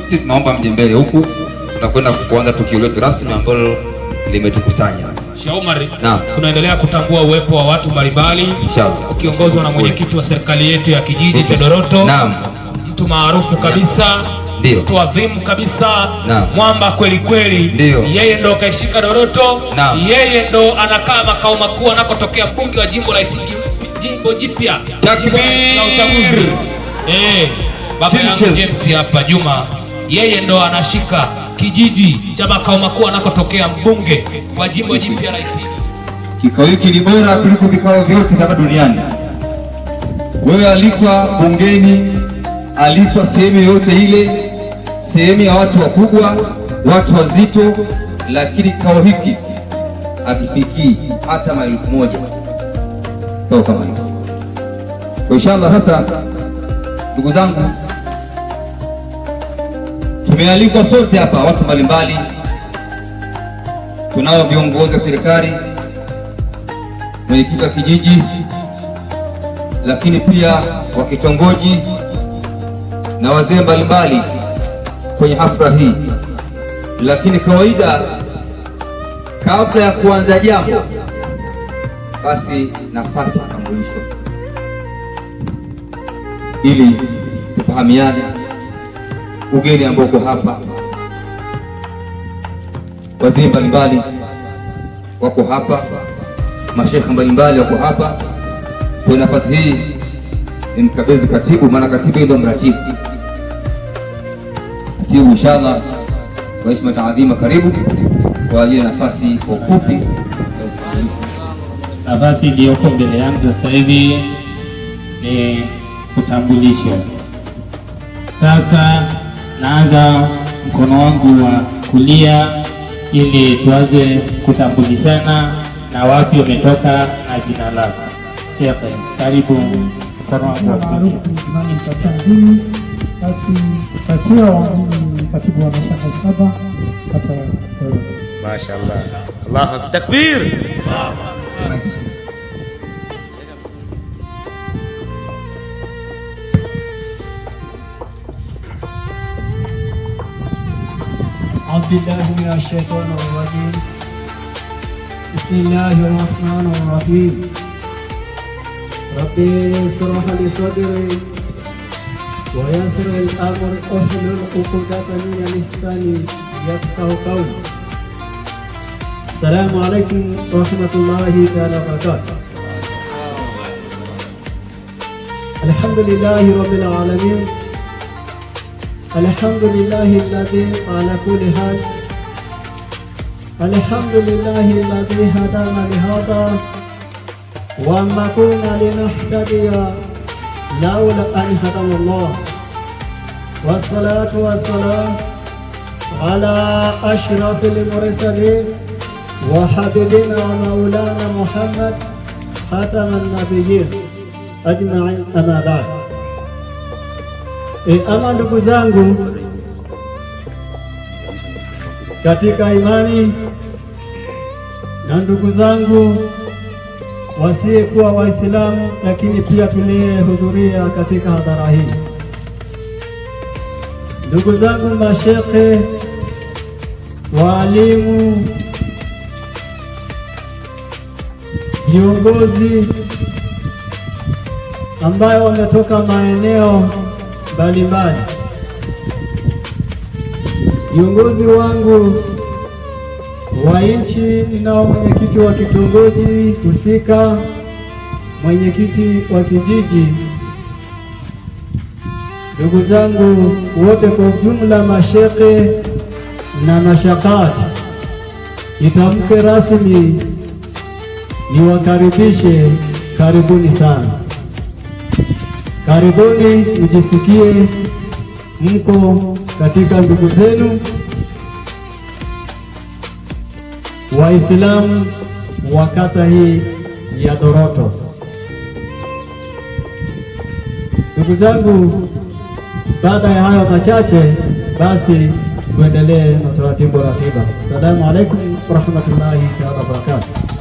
Futi tunaomba mje mbele huku, tunakwenda kuanza tukio letu rasmi ambalo limetukusanya. Sheikh tunaendelea kutambua uwepo wa watu mbalimbali ukiongozwa na mwenyekiti wa serikali yetu ya kijiji cha Doroto. Naam. Mtu maarufu kabisa Mtu adhimu kabisa mwamba kweli kweli. Yeye ndo kaishika Doroto yeye ndo anakaa makao makuu anakotokea mbunge wa jimbo la Itigi, jimbo jipya la uchaguzi. Eh, baba yangu James hapa Juma yeye ndo anashika kijiji cha makao makuu anakotokea mbunge wa jimbo jipya la Itigi. Kikao hiki ni bora kuliko vikao vyote hapa duniani. Wewe alikwa bungeni, alikwa sehemu yoyote ile, sehemu ya watu wakubwa, watu wazito, lakini kikao hiki hakifikii hata maelfu moja kama hiyo. Inshallah, sasa ndugu zangu Tumealikwa sote hapa watu mbalimbali, tunao viongozi wa serikali, mwenyekiti wa kijiji, lakini pia wa kitongoji na wazee mbalimbali kwenye hafla hii. Lakini kawaida, kabla ya kuanza jambo, basi nafasi atambulishwa ili tufahamiane ugeni ambao uko hapa, wazee mbalimbali wako hapa, mashekhe mbalimbali wako hapa. Kwa nafasi hii nimkabidhi katibu, maana katibu ndio mratibu. Katibu, inshallah kwa heshima taadhima, karibu kwa ajili ya nafasi kwa ufupi. Nafasi iliyoko mbele yangu sasa hivi ni kutambulisho sasa naanza mkono wangu wa kulia ili tuanze kutambulishana na wapi wametoka na jina lako. Sheikh, karibu mkono wangu wa kulia. Basi tatiwa katibu wa mashaka saba hapa. Mashaallah. Allahu Akbar. أعوذ الله من الشيطان الرجيم بسم الله الرحمن الرحيم ربي اشرح لي صدري ويسر الأمر أحلل عقدة من لساني يفقه قولي السلام عليكم ورحمة الله تعالى وبركاته الحمد لله رب العالمين الحمد لله الذي على كل حال الحمد لله الذي هدانا لهذا وما كنا لنهتدي لولا أن هدانا الله والصلاة والسلام على أشرف المرسلين وحبيبنا مولانا محمد خاتم النبيين أجمعين أما بعد E, ama ndugu zangu katika imani na ndugu zangu wasiyekuwa Waislamu, lakini pia tuliyehudhuria katika hadhara hii, ndugu zangu mashekhe, waalimu, viongozi ambayo wametoka maeneo mbalimbali. Viongozi wangu wa nchi, ninao mwenyekiti wa kitongoji husika, mwenyekiti wa kijiji, ndugu zangu wote kwa ujumla, mashekhe na mashakati, nitamke rasmi niwakaribishe, karibuni sana. Karibuni mjisikie mko katika ndugu zenu Waislamu wa kata hii ya Doroto. Ndugu zangu, baada ya hayo machache, basi tuendelee na taratibu wa ratiba. Assalamu alaikum warahmatullahi taala wabarakatuh.